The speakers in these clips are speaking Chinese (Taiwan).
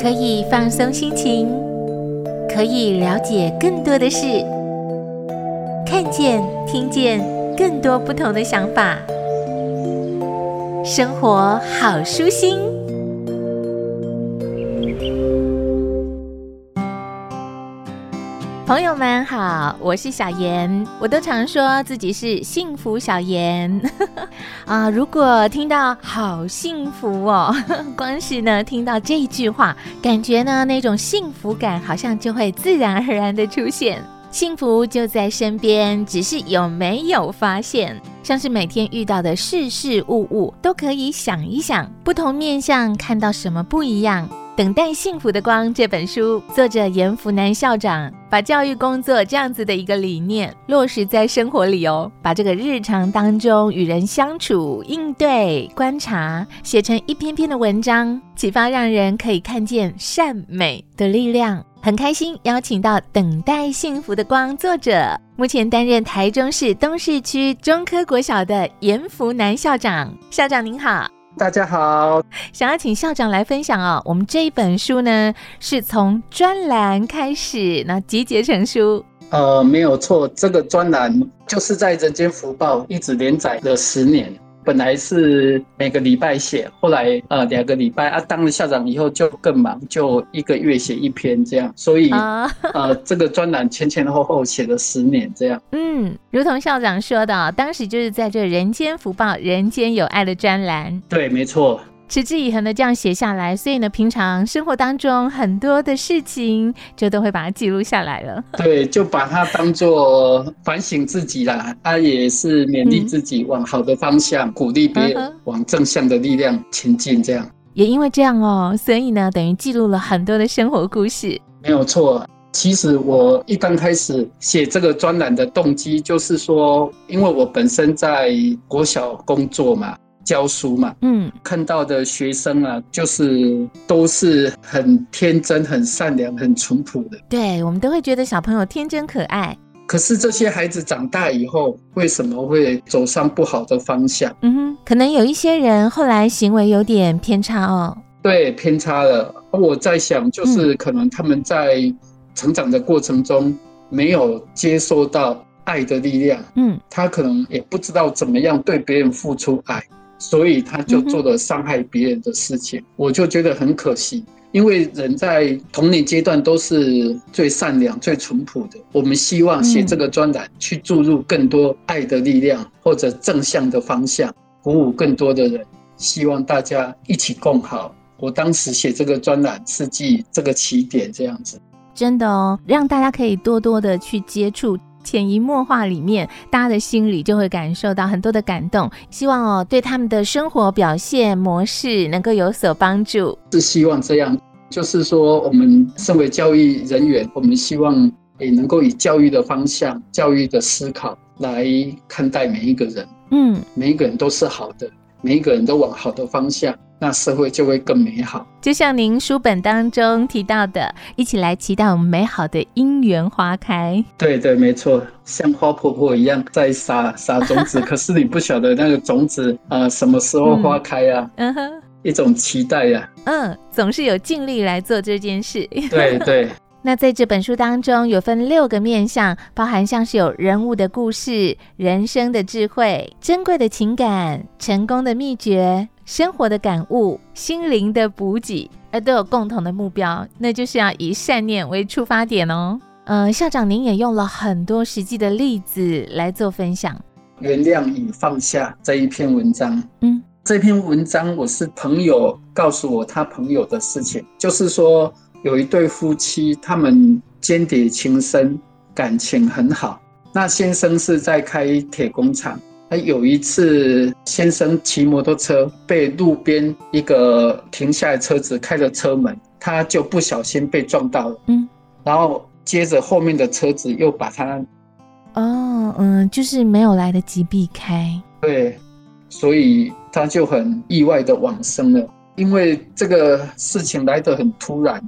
可以放鬆心情，可以了解更多的事，看見、聽見更多不同的想法，生活好舒心。朋友們好，我是小妍，我都常說自己是幸福小娮 啊。如果聽到“好幸福”哦， 光是呢聽到這句話，感覺呢那種幸福感好像就會自然而然的出現，幸福就在身邊，只是有沒有發現？像是每天遇到的事事物物，都可以想一想，不同面向看到什麼不一樣。《等待幸福的光》這本書，作者嚴福南校長，把教育工作這樣子的一個理念落實在生活裡哦，把這個日常當中與人相處、應對、觀察，寫成一篇篇的文章，啟發讓人可以看見善美的力量。很開心邀請到《等待幸福的光》作者，目前擔任台中市東勢區中科國小的嚴福南校長。校長您好。大家好，想要請校長來分享哦。我們這一本書呢，是從專欄開始，那集結成書。呃，沒有錯，這個專欄就是在《人間福報》一直連載了十年。本來是每個禮拜寫，後來呃兩個禮拜啊。當了校長以後就更忙，就一個月寫一篇這樣。所以啊、哦呃，這個專欄前前後後寫了十年這樣。嗯，如同校長說的，當時就是在這人間福報、人間有愛的專欄。對，沒錯。持之以恆的這樣寫下來，所以呢，平常生活當中很多的事情就都會把它記錄下來了。對，就把它當做反省自己啦，它、啊、也是勉勵自己往好的方向，嗯、鼓勵別人往正向的力量前進這樣。也因為這樣哦、喔，所以呢，等於記錄了很多的生活故事。沒有錯，其實我一剛開始寫這個專欄的動機，就是說，因為我本身在國小工作嘛。教書嘛，嗯，看到的學生啊，就是都是很天真、很善良、很淳樸的。對，我們都會覺得小朋友天真可愛。可是這些孩子長大以後，為什麼會走上不好的方向？嗯哼，可能有一些人後來行為有點偏差哦。對，偏差了。我在想，就是可能他們在成長的過程中沒有接受到愛的力量，嗯，他可能也不知道怎麼樣對別人付出愛。所以他就做了傷害別人的事情，嗯、哼我就覺得很可惜。因為人在童年階段都是最善良、最淳樸的。我們希望寫這個專欄，去注入更多愛的力量或者正向的方向，鼓舞更多的人。希望大家一起共好。我當時寫這個專欄是記這個起點這樣子，真的哦，讓大家可以多多的去接觸。潛移默化裡面，大家的心裡就會感受到很多的感動。希望哦，對他們的生活表現模式能夠有所幫助。是希望這樣，就是說，我們身為教育人員，我們希望也能夠以教育的方向、教育的思考來看待每一個人。嗯，每一個人都是好的，每一個人都往好的方向。那社會就會更美好，就像您書本當中提到的，一起來期待我們美好的姻緣花開。對對，沒錯，像花婆婆一樣在撒撒種子， 可是你不曉得那個種子啊，呃，什麼時候花開呀，啊？嗯，一種期待呀，啊。嗯，總是有盡力來做這件事。對對。 那在這本書當中有分六個面向，包含像是有人物的故事、人生的智慧、珍貴的情感、成功的祕訣。生活的感悟，心靈的補給，而都有共同的目標，那就是要以善念為出發點哦、喔。嗯、呃，校長，您也用了很多實際的例子來做分享。原諒與放下這一篇文章，嗯，這篇文章我是朋友告訴我他朋友的事情，就是說有一對夫妻，他們鶼鰈情深，感情很好。那先生是在開鐵工廠。他有一次，先生騎摩托車被路邊一個停下的車子開了車門，他就不小心被撞到了。嗯，然後接着後面的車子又把他……哦，嗯，就是沒有來得及避開。對，所以他就很意外的往生了，因為這個事情來得很突然，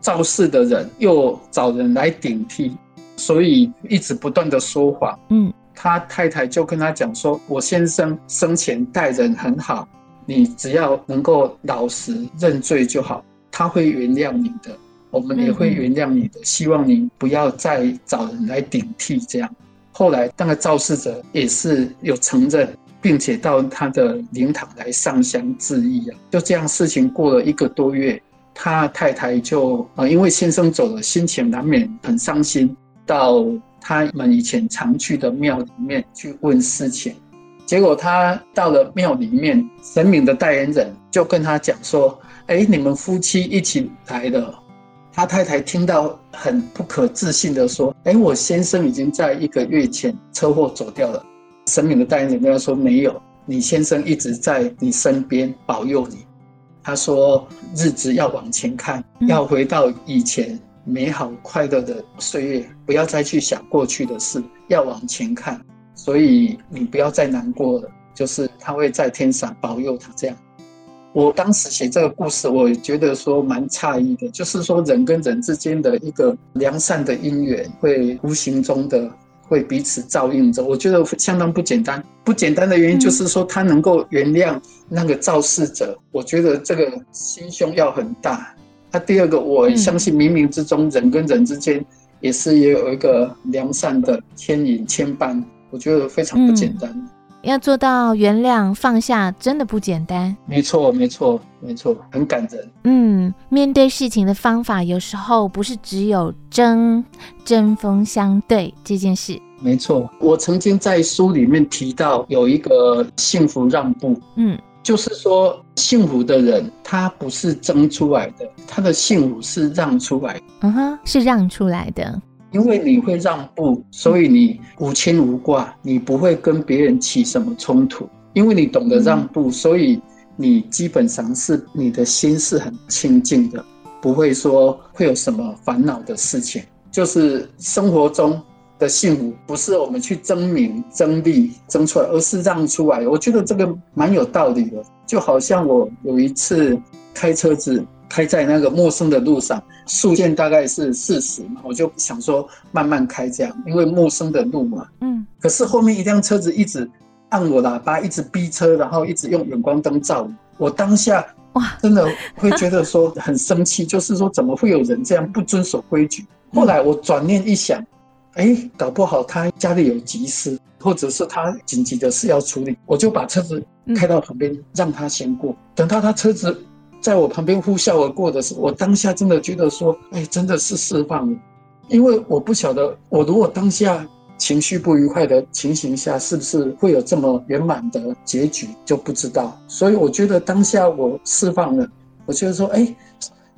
肇事的人又找人來頂替，所以一直不斷的說謊。嗯。他太太就跟他講說：“我先生生前待人很好，你只要能夠老實認罪就好，他會原諒你的，我們也會原諒你的。希望你不要再找人來頂替這樣。”後來那個肇事者也是有承認，並且到他的靈堂來上香致意啊。就這樣，事情過了一個多月，他太太就啊、呃，因為先生走了，心情難免很傷心，到。他們以前常去的廟裡面去問事情，結果他到了廟裡面，神明的代言人就跟他講說：“哎、欸，你們夫妻一起來的。”他太太聽到很不可置信的說：“哎、欸，我先生已經在一個月前車禍走掉了。”神明的代言人跟他說：“沒有，你先生一直在你身邊保佑你。”他說：“日子要往前看，要回到以前。”嗯美好快樂的歲月，不要再去想過去的事，要往前看。所以你不要再難過了，就是他會在天上保佑他這樣。我當時寫這個故事，我覺得說蠻詫異的，就是說人跟人之間的一個良善的因緣，會無形中的會彼此照應着。我覺得相當不簡單，不簡單的原因就是說他能夠原諒那個肇事者，嗯、我覺得這個心胸要很大。那第二個，我相信冥冥之中，嗯、人跟人之間也是，也有一個良善的牽引牽絆，我覺得非常不簡單。嗯、要做到原諒放下，真的不簡單。沒錯，沒錯，沒錯，很感人。嗯，面對事情的方法，有時候不是只有爭，針鋒相對這件事。沒錯，我曾經在書裡面提到有一個幸福讓步。嗯。就是說，幸福的人他不是爭出來的，他的幸福是讓出來的。嗯哼、uh-huh，是讓出來的，因為你會讓步，所以你無牽無掛，你不會跟別人起什麼衝突。因為你懂得讓步，所以你基本上是你的心是很清靜的，不會說會有什麼煩惱的事情。就是生活中的幸福不是我們去爭名爭利爭出來，而是讓出來。我覺得這個蠻有道理的，就好像我有一次開車子開在那個陌生的路上，速限大概是四十嘛，我就想說慢慢開這樣，因為陌生的路嘛。嗯。可是後面一輛車子一直按我喇叭，一直逼車，然後一直用遠光燈照我。我當下哇，真的會覺得說很生氣，哇 就是說，怎麼會有人這樣不遵守規矩？嗯、後來我轉念一想。哎，搞不好他家裡有急事，或者是他緊急的事要處理，我就把車子開到旁邊，嗯、讓他先過。等到他車子在我旁邊呼嘯而過的時候，我當下真的覺得說，哎，真的是釋放了，因為我不曉得，我如果當下情緒不愉快的情形下，是不是會有這麼圓滿的結局就不知道。所以我覺得當下我釋放了，我覺得說，哎。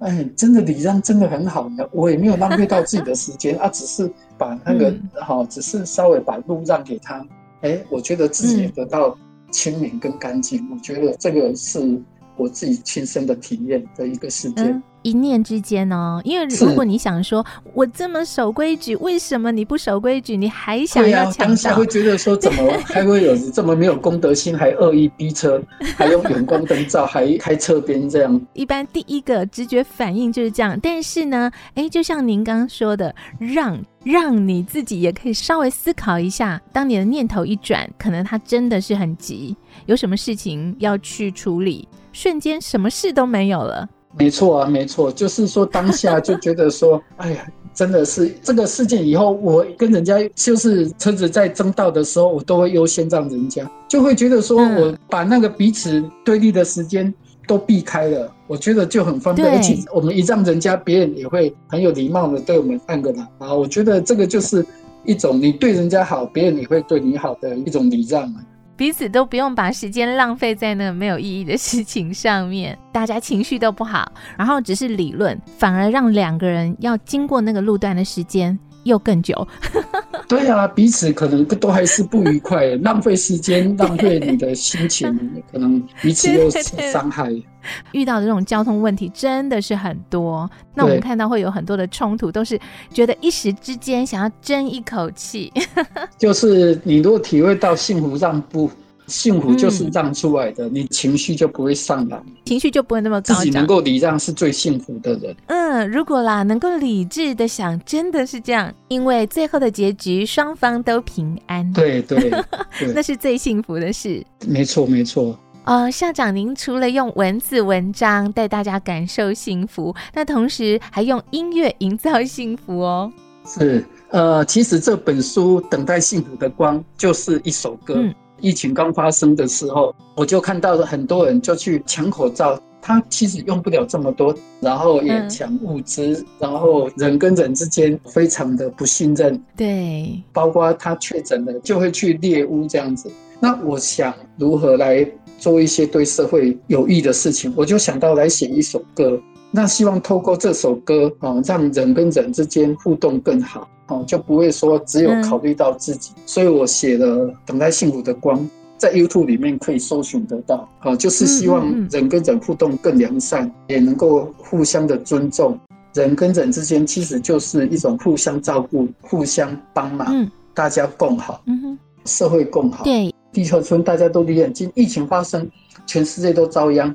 哎，真的禮讓真的很好呢，我也沒有浪費到自己的時間 啊，只是把那個好、嗯哦、只是稍微把路讓給他。哎，我覺得自己得到清明跟乾淨，嗯、我覺得這個是。我自己親身的體驗的一個事件、嗯，一念之間哦，因為如果你想說，是我這麼守規矩，為什麼你不守規矩？你還想？要搶道，對啊，當下會覺得說，怎麼 還會有這麼沒有公德心，還惡意逼車，還用遠光燈照， 還開車邊這樣。一般第一個直覺反應就是這樣，但是呢，哎，就像您剛剛說的，讓讓你自己也可以稍微思考一下，當你的念頭一轉，可能他真的是很急，有什麼事情要去處理。瞬間什麼事都沒有了。沒錯啊，沒錯，就是說當下就覺得說， 哎呀，真的是這個事件以後，我跟人家就是車子在爭道的時候，我都會優先讓人家，就會覺得說，我把那個彼此對立的時間都避開了，嗯、我覺得就很方便。對而且我們一讓人家，別人也會很有禮貌的對我們按個喇叭。我覺得這個就是一種你對人家好，別人也會對你好的一種禮讓。彼此都不用把時間浪費在那個沒有意義的事情上面，大家情緒都不好，然後只是理論，反而讓兩個人要經過那個路段的時間又更久。 對啊，彼此可能都還是不愉快 浪、浪費時間，浪費你的心情， 可能彼此又是傷害。對對對。遇到的這種交通問題真的是很多，對那我們看到會有很多的衝突，都是覺得一時之間想要爭一口氣。 就是你如果體會到幸福，讓步。幸福就是讓出來的，嗯、你情緒就不會上來，情緒就不會那麼高漲。自己能夠禮讓是最幸福的人。嗯，如果啦，能夠理智的想，真的是這樣，因為最後的結局雙方都平安。對對，對對 那是最幸福的事。沒錯沒錯。呃、哦，校長您除了用文字文章帶大家感受幸福，那同時還用音樂營造幸福哦。是，呃，其實這本書《等待幸福的光》就是一首歌。嗯疫情剛發生的時候，我就看到了很多人就去搶口罩，他其實用不了這麼多，然後也搶物資，嗯，然後人跟人之間非常的不信任。對，包括他確診了就會去獵巫這樣子。那我想如何來做一些對社會有益的事情，我就想到來寫一首歌。那希望透過這首歌啊、哦，讓人跟人之間互動更好、哦、就不會說只有考慮到自己。嗯、所以我寫了《等待幸福的光》，在 YouTube 裡面可以搜尋得到啊、哦，就是希望人跟人互動更良善，嗯嗯嗯也能夠互相的尊重。人跟人之間其實就是一種互相照顧、互相幫忙，嗯、大家共好，嗯、哼社會共好。對，地球村大家都離很近，疫情發生，全世界都遭殃。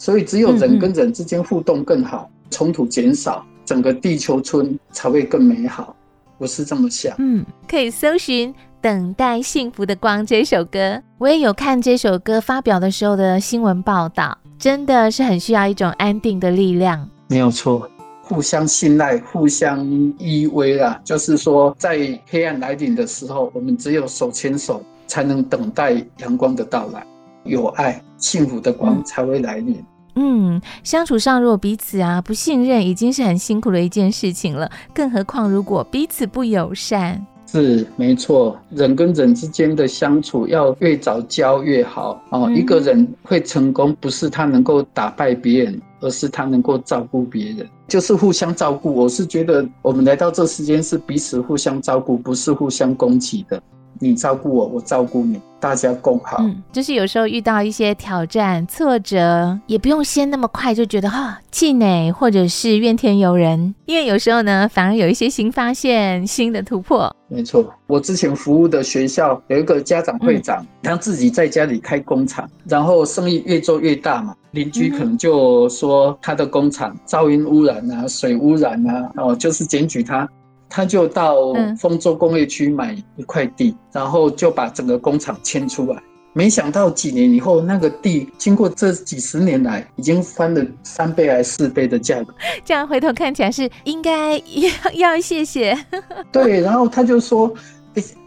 所以，只有人跟人之間互動更好，嗯嗯，衝突減少，整個地球村才會更美好。我是這麼想。嗯，可以搜尋《等待幸福的光》這首歌。我也有看這首歌發表的時候的新聞報道，真的是很需要一種安定的力量。沒有錯，互相信賴，互相依偎了啊。就是說，在黑暗來臨的時候，我們只有手牽手，才能等待陽光的到來。有愛，幸福的光才會來臨。嗯，相處上如果彼此啊不信任，已經是很辛苦的一件事情了，更何況如果彼此不友善。是，沒錯，人跟人之間的相處要越早交越好哦。嗯、一個人會成功，不是他能夠打敗別人，而是他能夠照顧別人，就是互相照顧。我是覺得我們來到這世間是彼此互相照顧，不是互相攻擊的。你照顧我，我照顧你，大家共好，嗯。就是有時候遇到一些挑戰、挫折，也不用先那麼快就覺得哈氣餒，或者是怨天尤人，因為有時候呢，反而有一些新發現、新的突破。沒錯，我之前服務的學校有一個家長會長，嗯、他自己在家裡開工廠，然後生意越做越大嘛，鄰居可能就說他的工廠、嗯、噪音污染啊、水污染啊，哦，就是檢舉他。他就到豐州工業區買一塊地，嗯、然後就把整個工廠遷出來。沒想到幾年以後，那個地經過這幾十年來，已經翻了三倍還是四倍的價格。這樣回頭看起來是應該要要謝謝。 對，然後他就說。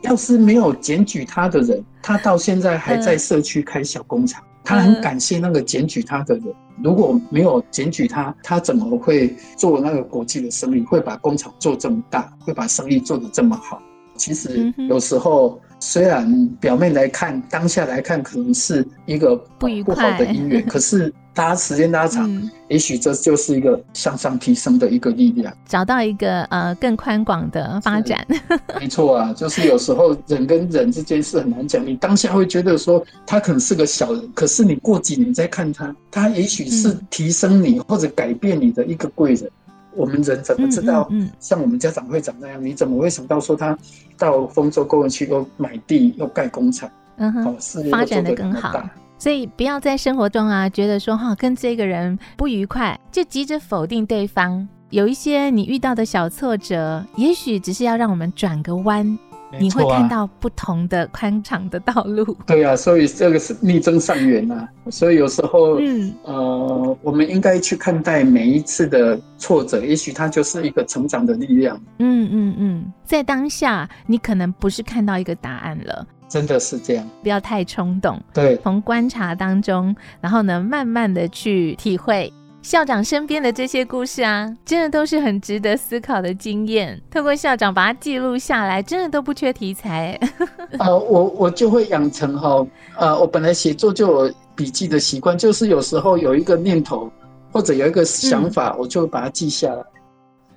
要是沒有檢舉他的人，他到現在還在社區開小工廠。嗯嗯、他很感謝那個檢舉他的人。如果沒有檢舉他，他怎麼會做那個國際的生意？會把工廠做這麼大，會把生意做得這麼好？其實有時候。嗯雖然表面來看，當下來看可能是一個不好的姻緣，不愉快，可是大家時間拉長， 嗯、也許這就是一個向上提升的一個力量，找到一個呃更寬廣的發展。沒錯啊， 就是有時候人跟人之間是很難講，你當下會覺得說他可能是個小人，可是你過幾年再看他，他也許是提升你或者改變你的一個貴人。嗯我們人怎麼知道？像我們家長會長那樣，嗯嗯嗯、你怎麼會想到說他到豐州工業區又買地又蓋工廠？嗯哼，啊、發展得更好。所以不要在生活中啊，覺得說哈、哦、跟這個人不愉快，就急着否定對方。有一些你遇到的小挫折，也許只是要讓我們轉個彎。你會看到不同的寬敞的道路。沒錯啊、 對啊，所以這個是逆增上緣啊。所以有時候、呃，嗯呃，我們應該去看待每一次的挫折，也許它就是一個成長的力量。嗯嗯嗯，在當下，你可能不是看到一個答案了， 真的是這樣。不要太衝動，對，從觀察當中，然後呢，慢慢的去體會。校長身邊的這些故事啊，真的都是很值得思考的經驗。透過校長把它記錄下來，真的都不缺題材，欸 呃。我我就會養成哈，呃，我本來寫作就有筆記的習慣，就是有時候有一個念頭或者有一個想法，嗯、我就會把它記下來，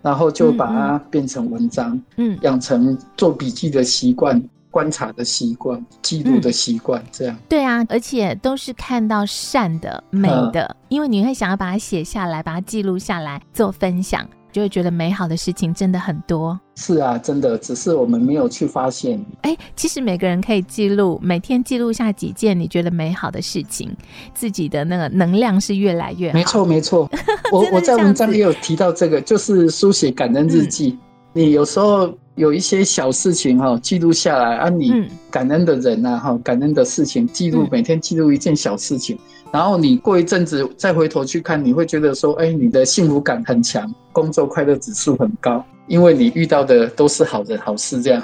然後就把它變成文章，嗯，嗯，養成做筆記的習慣。觀察的習慣，記錄的習慣，嗯、這樣對啊，而且都是看到善的、美的，呃、因為你會想要把它寫下來，把它記錄下來，做分享，就會覺得美好的事情真的很多。是啊，真的，只是我們沒有去發現。哎、欸，其實每個人可以記錄，每天記錄下幾件你覺得美好的事情，自己的那個能量是越來越好。沒錯沒錯， 我我在文章也有提到這個，就是書寫感恩日記。嗯你有時候有一些小事情哈，記錄下來、嗯、啊，你感恩的人吶，哈，感恩的事情記，記錄、嗯、每天記錄一件小事情，然後你過一陣子再回頭去看，你會覺得說，哎、欸，你的幸福感很強，工作快樂指數很高。因為你遇到的都是好的，好事，這樣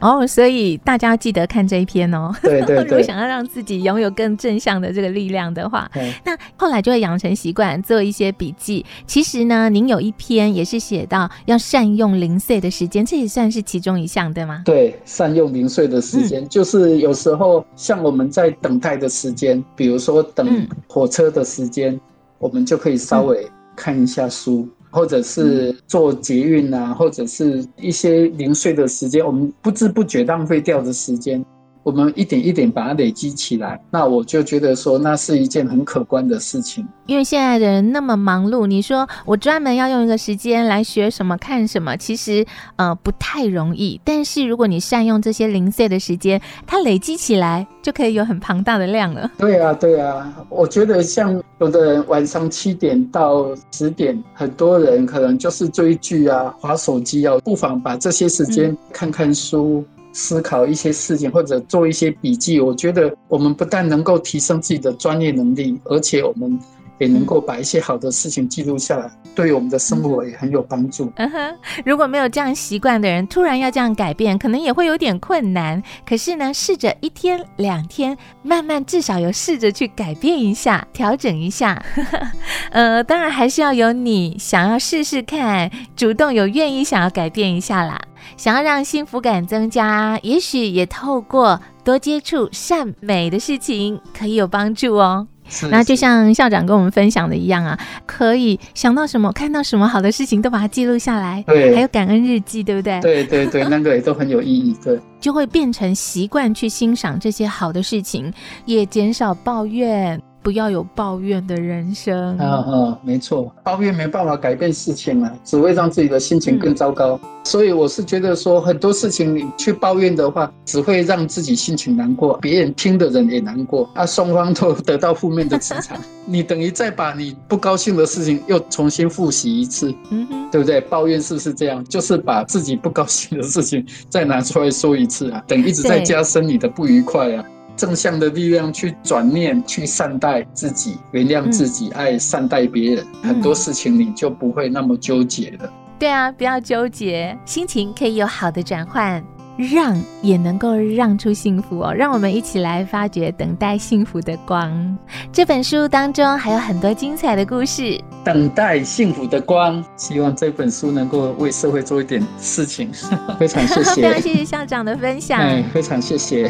哦， oh, 所以大家記得看這一篇哦、喔。對對對， 如果想要讓自己擁有更正向的這個力量的話，Okay. 那後來就會養成習慣做一些筆記。其實呢，您有一篇也是寫到要善用零碎的時間，這也算是其中一項，對嗎？對，善用零碎的時間，嗯、就是有時候像我們在等待的時間，比如說等火車的時間，嗯、我們就可以稍微看一下書。嗯或者是坐捷運啊，或者是一些零碎的時間，我們不知不覺浪費掉的時間。我們一點一點把它累積起來，那我就覺得說，那是一件很可觀的事情。因為現在的人那麼忙碌，你說我專門要用一個時間來學什麼、看什麼，其實呃不太容易。但是如果你善用這些零碎的時間，它累積起來就可以有很龐大的量了。對啊，對啊，我覺得像有的人晚上七點到十點，很多人可能就是追劇啊、滑手機啊，不妨把這些時間看看書。嗯思考一些事情，或者做一些筆記，我覺得我們不但能夠提升自己的專業能力，而且我們。也能夠把一些好的事情記錄下來，對我們的生活也很有幫助。嗯哼，如果沒有這樣習慣的人，突然要這樣改變，可能也會有點困難。可是呢，試着一天兩天，慢慢至少有試着去改變一下、調整一下。呵呵。呃，當然還是要有你想要試試看，主動有願意想要改變一下啦。想要讓幸福感增加，也許也透過多接觸善美的事情，可以有幫助哦。那就像校長跟我們分享的一樣啊，可以想到什麼，看到什麼好的事情，都把它記錄下來。對，還有感恩日記，對不對？對對對，那個也都很有意義。對， 就會變成習慣去欣賞這些好的事情，也減少抱怨。不要有抱怨的人生。嗯嗯、哦哦，沒錯，抱怨沒辦法改變事情啊，只會讓自己的心情更糟糕。嗯、所以我是覺得說，很多事情你去抱怨的話，只會讓自己心情難過，別人聽的人也難過，啊，雙方都得到負面的磁場。 你等於再把你不高興的事情又重新複習一次，嗯哼，對不對？抱怨是不是這樣？就是把自己不高興的事情再拿出來說一次啊，等於一直在加深你的不愉快啊。正向的力量去轉念，去善待自己，原諒自己，愛善待別人，嗯、很多事情你就不會那麼糾結了。對啊，不要糾結，心情可以有好的轉換，讓也能夠讓出幸福哦。讓我們一起來發掘等待幸福的光。這本書當中還有很多精彩的故事。等待幸福的光，希望這本書能夠為社會做一點事情。呵呵，非常謝謝， 非常謝謝校長的分享。哎、非常謝謝。